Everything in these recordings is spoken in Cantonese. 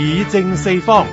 議政四方，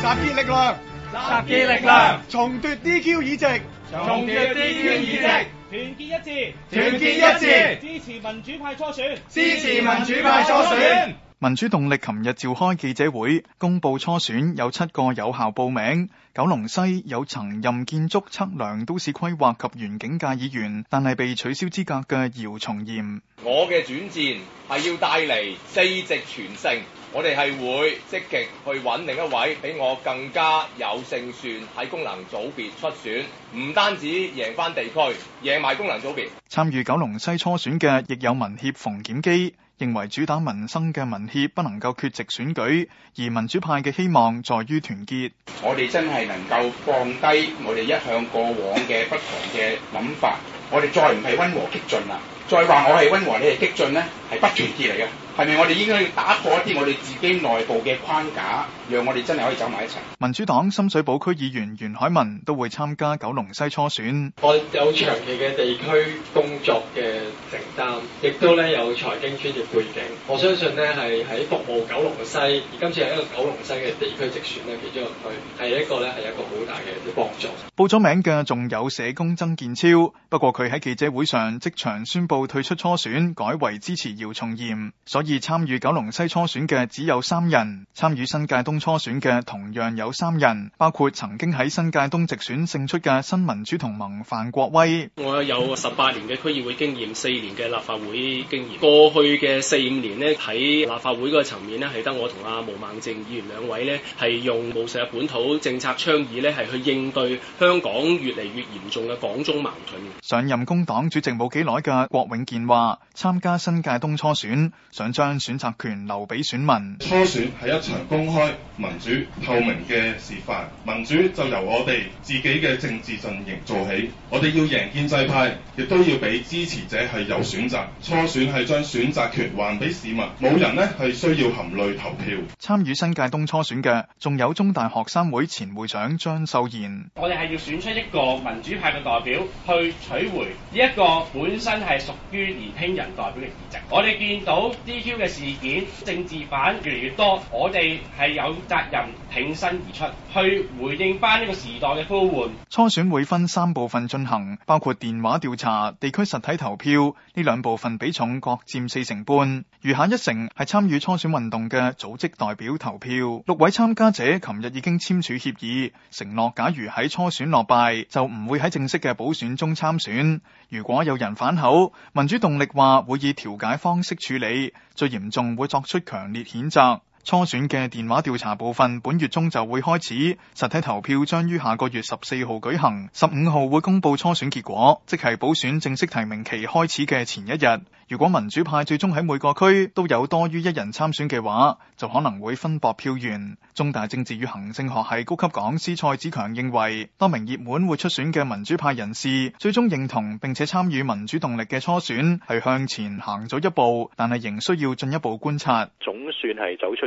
集結力量，集結力量，重奪 DQ 議席，重奪 DQ 議席，團結一致，團結一致，支持民主派初選，支持民主派初選。民主動力琴日召開記者會，公布初選有七個有效報名，九龍西有曾任建築測量、都市規劃及園境界議員，但係被取消資格嘅姚松炎。我嘅轉戰係要帶嚟四席全勝，我哋係會積極去揾另一位比我更加有勝算喺功能組別出選，唔單止贏翻地區，贏埋功能組別。參與九龍西初選嘅亦有民協馮檢基。認為主打民生嘅民協不能夠缺席選舉，而民主派嘅希望在於團結。我哋真係能夠放低我哋一向過往嘅不同嘅諗法，我哋再唔係溫和激進啦，再話我係溫和你係激進咧，係不團結嚟嘅。係咪我哋應該要打破一啲我哋自己內部嘅框架？讓我哋真係可以走埋一齊。民主黨深水埗區議員袁海文都會參加九龍西初選。我有長期嘅地區工作嘅承擔，亦都咧有財經專業背景。我相信咧係喺服務九龍西，而今次係一個九龍西嘅地區直選啦，其中一個區係一個咧係一個好大嘅幫助。報咗名嘅仲有社工曾健超，不過佢喺記者會上即場宣布退出初選，改為支持姚松炎。所以參與九龍西初選嘅只有三人，參與新界東。初選嘅同樣有三人，包括曾經喺新界東直選勝出嘅新民主同盟范國威。我有十八年嘅區議會經驗，四年嘅立法會經驗。過去嘅四五年呢，喺立法會個層面呢，係得我同阿毛孟靜議員兩位呢，係用務實嘅本土政策倡議呢，係去應對香港越嚟越嚴重嘅港中矛盾。上任工黨主席冇幾耐嘅郭永健話，參加新界東初選，想將選擇權留俾選民。初選係一場公開。民主透明嘅示範，民主就由我哋自己嘅政治陣營做起。我哋要贏建制派，亦都要俾支持者係有選擇。初選係將選擇權還俾市民，冇人呢係需要含淚投票。參與新界東初選嘅，仲有中大學生會前會長張秀賢。我哋係要選出一個民主派嘅代表，去取回呢一個本身係屬於年輕人代表嘅議席。我哋見到 DQ 嘅事件，政治犯越嚟越多，我哋係有。責任挺身而出，去回應翻呢個時代嘅呼喚。初選會分三部分進行，包括電話調查、地區實體投票，呢兩部分比重各佔四成半，餘下一成係參與初選運動嘅組織代表投票。六位參加者琴日已經簽署協議，承諾假如喺初選落敗，就唔會喺正式嘅補選中參選。如果有人反口，民主動力話會以調解方式處理，最嚴重會作出強烈譴責。初選嘅電話調查部分，本月中就會開始，實體投票將於下個月十四號舉行，十五號會公布初選結果，即係補選正式提名期開始嘅前一日。如果民主派最終喺每個區都有多於一人參選嘅話，就可能會分薄票源。中大政治與行政學系高級講師蔡子強認為，多名熱門會出選嘅民主派人士最終認同並且參與民主動力嘅初選，係向前行咗一步，但係仍需要進一步觀察。總算係走出。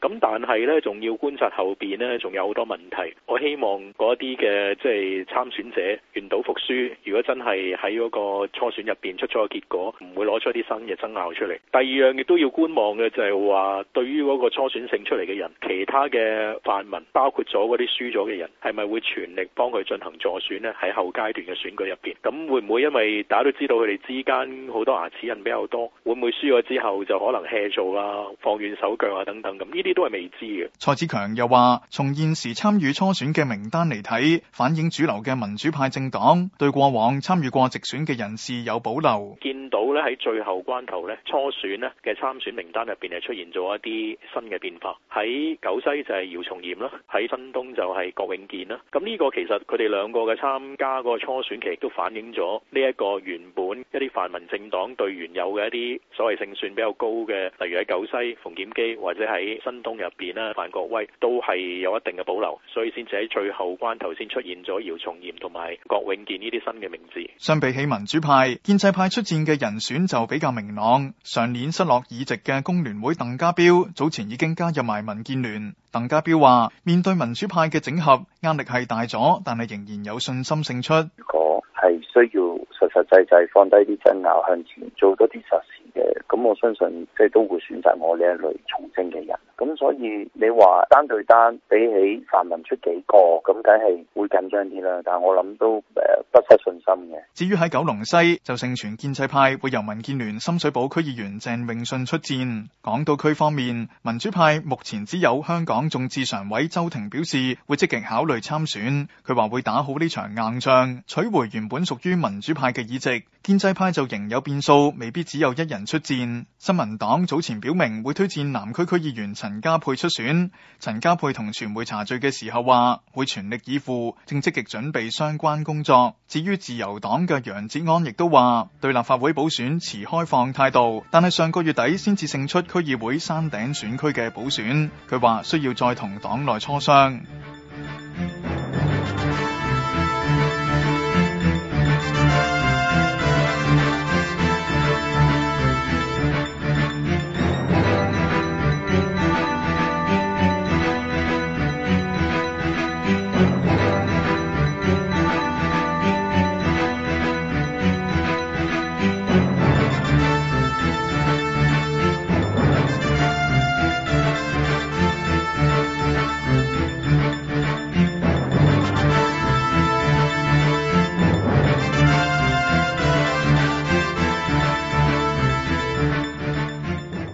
咁但係咧，仲要觀察後面呢，仲有好多問題。我希望嗰啲嘅即係參選者願賭服輸。如果真係喺嗰個初選入面出咗個結果，唔會攞出一啲新嘅爭拗出嚟。第二樣亦都要觀望嘅就係話，對於嗰個初選勝出嚟嘅人，其他嘅泛民，包括咗嗰啲輸咗嘅人，係咪會全力幫佢進行助選呢？喺後階段嘅選舉入面，咁會唔會因為大家都知道佢哋之間好多牙齒印比較多，會唔會輸咗之後就可能 hea 做啊、放軟手腳啊等等咁？呢啲都係未知嘅。蔡志強又話：從現時參與初選嘅名單嚟睇，反映主流嘅民主派政黨對過往參與過直選嘅人士有保留。見到咧，喺最後關頭咧，初選咧嘅參選名單入邊係出現咗一啲新嘅變化。喺九西就係姚松炎啦，喺新東就係郭永健啦。咁呢個其實佢哋兩個嘅參加個初選期，都反映咗呢一個原本一啲泛民政黨對原有嘅一啲所謂勝算比較高嘅，例如喺九西馮檢基或者喺新。通入邊咧，范國威都係有一定嘅保留，所以先至喺最後關頭先出現咗姚松炎同埋郭永健，呢啲新嘅名字。相比起民主派，建制派出戰嘅人選就比較明朗。上年失落議席嘅工聯會鄧家彪早前已經加入埋民建聯。鄧家彪話：面對民主派嘅整合，壓力係大咗，但係仍然有信心勝出。如果係需要實實際際放低啲爭拗，向前做多啲實事嘅。咁我相信即係都會選擇我呢一類從政嘅人。咁所以你話單對單比起泛民出幾個咁，梗係會緊張啲啦。但係我諗都誒不失信心嘅。至於喺九龍西就盛傳建制派會由民建聯深水埗區議員鄭泳舜出戰。港島區方面，民主派目前只有香港眾志常委周庭表示會積極考慮參選，佢話會打好呢場硬仗，取回原本屬於民主派嘅議席。建制派就仍有變數，未必只有一人出戰，新民黨早前表明會推薦南區區議員陳。陳家沛出選，陳家珮同傳媒茶敘嘅時候話，會全力以赴，正積極準備相關工作。至於自由黨嘅楊哲安亦都話，對立法會補選持開放態度，但係上個月底先至勝出區議會山頂選區嘅補選，佢話需要再同黨內磋商。